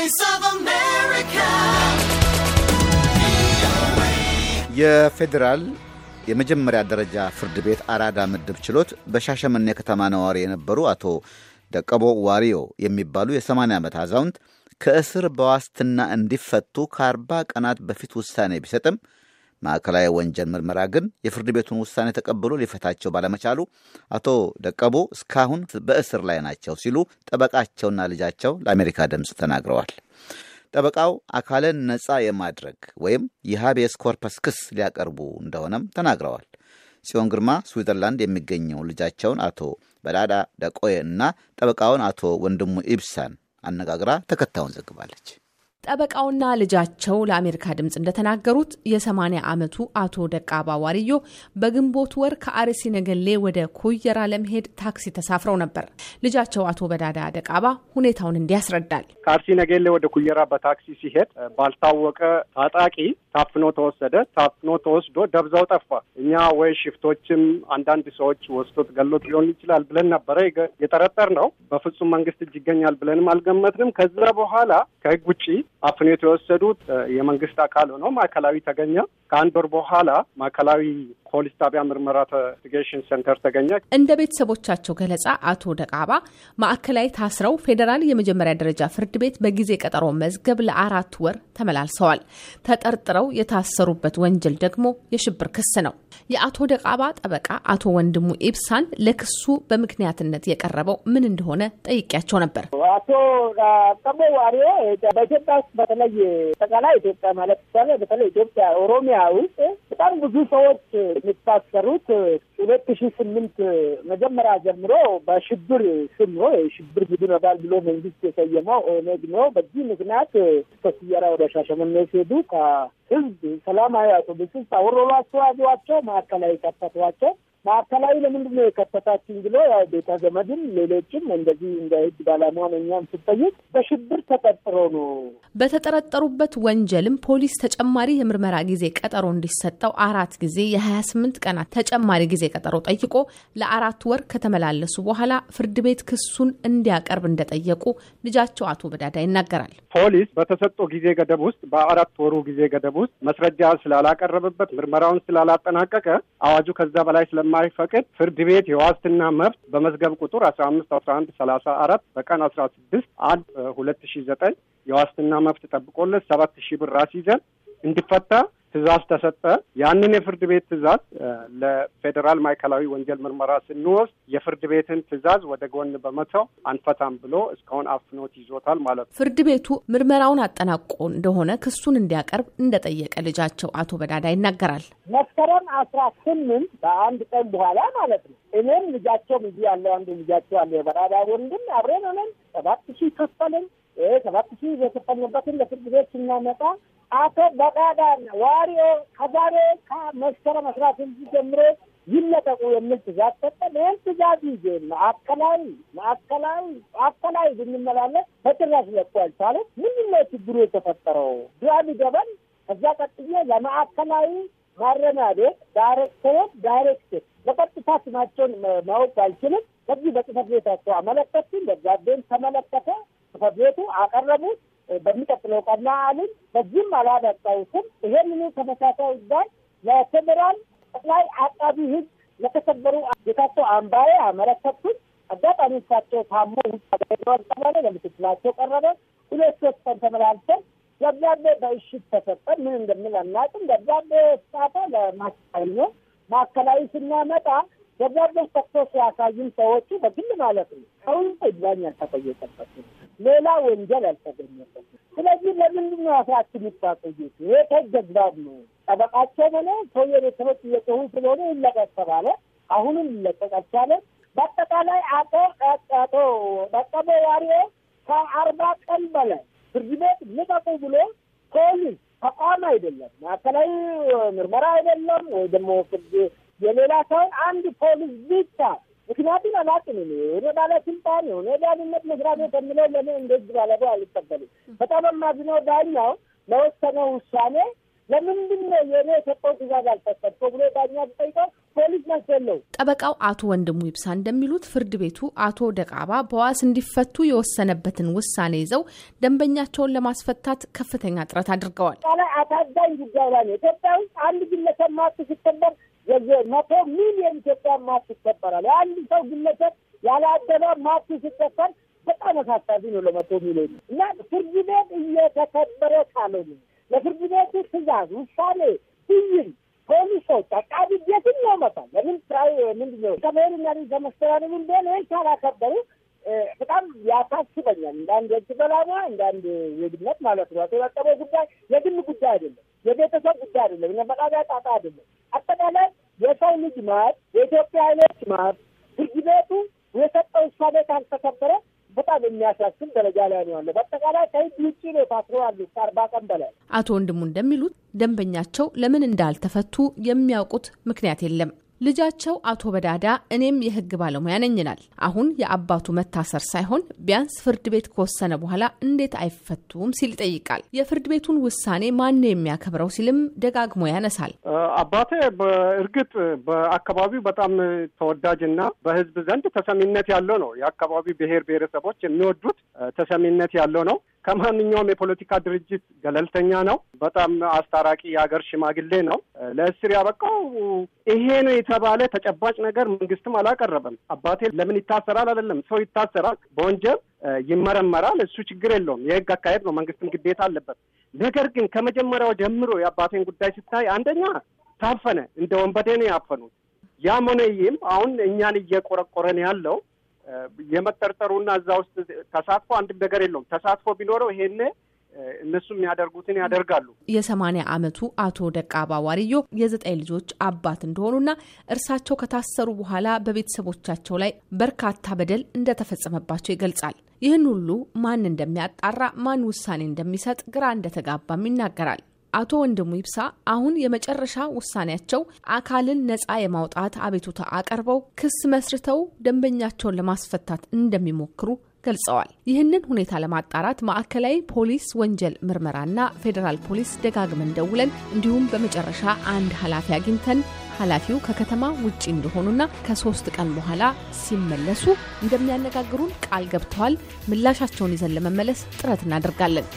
Voice of America. የፌዴራል የመጀመሪያ ደረጃ ፍርድ ቤት አራዳ ምድብ ችሎት በሻሸመኔ ከተማ ነዋሪ የነበሩ አቶ ደቀቦ ዋሪዮ የሚባሉ የ80 ዓመት አዛውንት ከእስር በዋስትና እንዲፈቱ ከ40 ቀናት በፊት ውሳኔ ቢሰጥም ማዕከላዊ ወንጀል ምርመራ ግን የፍርድ ቤቱን ውሳኔ ተቀብሎ ሊፈታቸው ባለመቻሉ አቶ ደቀቦ እስካሁን በእስር ላይ ናቸው ሲሉ ጠበቃቸውና ልጃቸው ለአሜሪካ ድምፅ ተናግረዋል። ጠበቃው አካልን ነፃ የማድረግ ወይም የሃቤስ ኮርፐስ ክስ ሊያቀርቡ እንደሆነም ተናግረዋል። ጽዮን ግርማ ስዊዘርላንድ የሚገኘው ልጃቸውን አቶ በዳዳ ደቆየ እና ጠበቃውን አቶ ወንድሙ ኢብሳን አነጋግራ ተከታዩን ዘግባለች። ጠበቃውና ልጃቸው ለአሜሪካ ድምፅ እንደተናገሩት የ80 ዓመቱ አቶ ደቃባ ዋርዮ በግንቦት ወር ከአርሲ ነገሌ ወደ ኮየራ ለመሄድ ታክሲ ተሳፍረው ነበር። ልጃቸው አቶ በዳዳ ደቃባ ሁኔታውን እንዲያስረዳል። ከአርሲ ነገሌ ወደ ኩየራ በታክሲ ሲሄድ ባልታወቀ ታጣቂ ታፍኖ ተወሰደ። ታፍኖ ተወስዶ ደብዛው ጠፋ። እኛ ወይ ሽፍቶችም አንዳንድ ሰዎች ወስዶት ገሎት ሊሆን ይችላል ብለን ነበረ የጠረጠር ነው። በፍጹም መንግስት እጅ ይገኛል ብለንም አልገመትንም። ከዛ በኋላ ከህግ ውጭ አፍኔት የወሰዱት የመንግስት አካል ሆኖ ማዕከላዊ ተገኘ። ከአንድ ወር በኋላ ማዕከላዊ ፖሊስ ጣቢያ ምርመራ ኢንቨስቲጌሽን ሴንተር ተገኘ። እንደ ቤተሰቦቻቸው ገለጻ አቶ ደቃባ ማዕከላዊ ታስረው ፌዴራል የመጀመሪያ ደረጃ ፍርድ ቤት በጊዜ ቀጠሮ መዝገብ ለአራት ወር ተመላልሰዋል። ተጠርጥረው የታሰሩበት ወንጀል ደግሞ የሽብር ክስ ነው። የአቶ ደቃባ ጠበቃ አቶ ወንድሙ ኢብሳን ለክሱ በምክንያትነት የቀረበው ምን እንደሆነ ጠይቄያቸው ነበር። አቶ ቀቦ ዋሪ በኢትዮጵያ በተለይ ጠቃላይ ኢትዮጵያ ማለት ይቻላል። በተለይ ኢትዮጵያ ኦሮሚያ ውስጥ በጣም ብዙ ሰዎች የሚታሰሩት ሁለት ሺ ስምንት መጀመሪያ ጀምሮ በሽብር ስም ነው። የሽብር ቡድን አባል ብሎ መንግስት የሰየመው ኦነግ ነው። በዚህ ምክንያት ከሲያራ ወደ ሻሸመኔ ሲሄዱ ከህዝብ ሰላማዊ አውቶቡስ ውስጥ አውርረዋቸዋቸው ማዕከላዊ ከተቷቸው ማዕከላዊ ለምንድን ነው የከተታችን ብሎ ያው ቤተ ዘመድም ሌሎችም እንደዚህ እንደ ህግ ባለሙያን እኛም ስጠይቅ በሽብር ተጠርጥሮ ነው። በተጠረጠሩበት ወንጀልም ፖሊስ ተጨማሪ የምርመራ ጊዜ ቀጠሮ እንዲሰጠው አራት ጊዜ የሀያ ስምንት ቀናት ተጨማሪ ጊዜ ቀጠሮ ጠይቆ ለአራት ወር ከተመላለሱ በኋላ ፍርድ ቤት ክሱን እንዲያቀርብ እንደጠየቁ ልጃቸው አቶ በዳዳ ይናገራል። ፖሊስ በተሰጠው ጊዜ ገደብ ውስጥ በአራት ወሩ ጊዜ ገደብ ውስጥ መስረጃ ስላላቀረበበት ምርመራውን ስላላጠናቀቀ አዋጁ ከዛ በላይ ስለ ስለማይፈቅድ ፍርድ ቤት የዋስትና መብት በመዝገብ ቁጥር አስራ አምስት አስራ አንድ ሰላሳ አራት በቀን አስራ ስድስት አንድ ሁለት ሺ ዘጠኝ የዋስትና መብት ጠብቆለት ሰባት ሺ ብር አስይዘን እንዲፈታ ትእዛዝ ተሰጠ። ያንን የፍርድ ቤት ትእዛዝ ለፌዴራል ማዕከላዊ ወንጀል ምርመራ ስንወስድ የፍርድ ቤትን ትእዛዝ ወደ ጎን በመተው አንፈታም ብሎ እስካሁን አፍኖት ይዞታል ማለት ነው። ፍርድ ቤቱ ምርመራውን አጠናቆ እንደሆነ ክሱን እንዲያቀርብ እንደጠየቀ ልጃቸው አቶ በዳዳ ይናገራል። መስከረም አስራ ስምንት በአንድ ቀን በኋላ ማለት ነው። እኔም ልጃቸውም እዚህ ያለው አንዱ ልጃቸው አለ የበዳዳ ወንድም አብረን ሆነን ሰባት ሺህ ከፈልን ሰባት ሺህ የከፈልንበትን ለፍርድ ቤት ስናመጣ አቶ በቃዳና ዋሪዮ ከዛሬ ከመስከረም አስራ ስድስት ጀምሮ ይለቀቁ የሚል ትዛዝ ሰጠ። ይህን ትዛዝ ይዜ ማዕከላዊ ማዕከላዊ ማዕከላዊ ብንመላለስ በጭራሽ ለቁ አልቻለ። ምንድን ነው ችግሩ የተፈጠረው? ግራ የሚገባን ከዛ ቀጥዬ ለማዕከላዊ ማረሚያ ቤት ዳይሬክተሮች ዳይሬክተር በቀጥታ ስማቸውን ማወቅ አልችልም። ከዚህ በጽህፈት ቤታቸው አመለከቱን፣ ደብዳቤን ተመለከተ። ጽህፈት ቤቱ አቀረቡት። በሚቀጥለው ቀና አሉን። በዚህም አላበቃውትም። ይሄንኑ ተመሳሳይ ጉዳይ ለፌዴራል ጠቅላይ አቃቢ ሕግ ለተሰበሩ ጌታቸው አምባዬ አመለከቱን። አጋጣሚ እሳቸው ታሞ ውጭ ተባለ። ለምስክላቸው ቀረበ። ሁለት ሶስት ቀን ተመላልሰን ደብዳቤ በእሽት ተሰጠን። ምን እንደምል አናውቅም። ደብዳቤ ስጣተ ለማዕከላዊ ነው። ማዕከላዊ ስናመጣ ደብዳቤ ሰጥቶ ሲያሳይም ሰዎቹ በግል ማለት ነው ሰው ይዳኝ አልተጠየቀበትም፣ ሌላ ወንጀል አልተገኘበትም። ስለዚህ ለምንድን ነው አስራችን ይታቆዩት? ይሄ ከህግ ነው። ጠበቃቸው ሆነ ሰውዬ ቤተሰቦች እየጮሁ ስለሆነ ይለቀቅ ተባለ። አሁንም ሊለቀቅ አልቻለም። በአጠቃላይ አቶ አቶ በቀበ ዋሪዮ ከአርባ ቀን በላይ ፍርድ ቤት ልቀቁ ብሎ ፖሊስ ተቋም አይደለም ማዕከላዊ ምርመራ አይደለም ወይ ደግሞ ፍርድ የሌላ ሰውን አንድ ፖሊስ ብቻ ምክንያቱም አላውቅም እኔ እኔ ባለስልጣን የሆነ ዳንነት ዳኝነት መስሪያ ቤት የምለው ለምን እንደዚህ ባለፈው አልቀበልም። በጣም የማዝነው ዳኛው ለወሰነው ውሳኔ ለምንድን ነው የእኔ የሰጠው ትእዛዝ አልፈቀድከው ብሎ ዳኛ ጠይቀው ፖሊስ መሰለው። ጠበቃው አቶ ወንድሙ ይብሳ እንደሚሉት ፍርድ ቤቱ አቶ ደቃባ በዋስ እንዲፈቱ የወሰነበትን ውሳኔ ይዘው ደንበኛቸውን ለማስፈታት ከፍተኛ ጥረት አድርገዋል። ላይ አሳዛኝ ጉዳይ ላይ ነው ኢትዮጵያ ውስጥ አንድ ግለሰብ መብት ሲከበር ገንዘብ መቶ ሚሊዮን ኢትዮጵያ ማርክ ይከበራል። የአንድ ሰው ግለሰብ ያለ አደባብ ማርክ ሲከበር በጣም አሳሳቢ ነው ለመቶ ሚሊዮን እና ፍርድ ቤት እየተከበረ ካልሆነ ለፍርድ ቤቱ ትእዛዝ፣ ውሳኔ፣ ብይን ፖሊሶች አቃቢ ቤትን ነው መጣል ለምን ምንድነው ከመሄድ ዘመስተራ ከመስተዳድሩ እንደሆነ ይህን ካላከበሩ በጣም ያሳስበኛል። እንዳንድ የእጅ በላባ እንዳንድ አንድ ማለት ነው። የታጠበው ጉዳይ የግል ጉዳይ አይደለም፣ የቤተሰብ ጉዳይ አይደለም፣ የመቃቢያ ጣጣ አይደለም። አጠቃላይ የሰው ልጅ ማር የኢትዮጵያ ኃይሎች ማር ፍርድ ቤቱ የሰጠው ውሳኔ ካልተከበረ በጣም የሚያሳስብ ደረጃ ላይ ነው ያለው። በአጠቃላይ ከህግ ውጭ ነው ታስረዋል አርባ ቀን በላይ። አቶ ወንድሙ እንደሚሉት ደንበኛቸው ለምን እንዳልተፈቱ የሚያውቁት ምክንያት የለም። ልጃቸው አቶ በዳዳ እኔም የህግ ባለሙያ ነኝ ይላል። አሁን የአባቱ መታሰር ሳይሆን ቢያንስ ፍርድ ቤት ከወሰነ በኋላ እንዴት አይፈቱም ሲል ይጠይቃል። የፍርድ ቤቱን ውሳኔ ማን የሚያከብረው ሲልም ደጋግሞ ያነሳል። አባቴ በእርግጥ በአካባቢው በጣም ተወዳጅና በህዝብ ዘንድ ተሰሚነት ያለው ነው። የአካባቢው ብሔር ብሔረሰቦች የሚወዱት ተሰሚነት ያለው ነው። ከማንኛውም የፖለቲካ ድርጅት ገለልተኛ ነው። በጣም አስታራቂ የሀገር ሽማግሌ ነው። ለእስር ያበቃው ይሄ ነው የተባለ ተጨባጭ ነገር መንግስትም አላቀረበም። አባቴ ለምን ይታሰራል አይደለም። ሰው ይታሰራል፣ በወንጀል ይመረመራል። እሱ ችግር የለውም። የህግ አካሄድ ነው። መንግስትም ግዴታ አለበት። ነገር ግን ከመጀመሪያው ጀምሮ የአባቴን ጉዳይ ሲታይ አንደኛ ታፈነ፣ እንደ ወንበዴ ነው ያፈኑት። ያም ሆነ ይህም አሁን እኛን እየቆረቆረን ያለው የመጠርጠሩና እዛ ውስጥ ተሳትፎ አንድ ነገር የለውም። ተሳትፎ ቢኖረው ይሄን እነሱ የሚያደርጉትን ያደርጋሉ። የሰማኒያ አመቱ አቶ ደቃባ ዋርዮ የዘጠኝ ልጆች አባት እንደሆኑና እርሳቸው ከታሰሩ በኋላ በቤተሰቦቻቸው ላይ በርካታ በደል እንደተፈጸመባቸው ይገልጻል። ይህን ሁሉ ማን እንደሚያጣራ ማን ውሳኔ እንደሚሰጥ ግራ እንደተጋባም ይናገራል። አቶ ወንድሙ ይብሳ አሁን የመጨረሻ ውሳኔያቸው አካልን ነጻ የማውጣት አቤቱታ አቀርበው ክስ መስርተው ደንበኛቸውን ለማስፈታት እንደሚሞክሩ ገልጸዋል። ይህንን ሁኔታ ለማጣራት ማዕከላዊ ፖሊስ ወንጀል ምርመራና ፌዴራል ፖሊስ ደጋግመን ደውለን እንዲሁም በመጨረሻ አንድ ኃላፊ አግኝተን ኃላፊው ከከተማ ውጪ እንደሆኑና ከሶስት ቀን በኋላ ሲመለሱ እንደሚያነጋግሩን ቃል ገብተዋል። ምላሻቸውን ይዘን ለመመለስ ጥረት እናደርጋለን።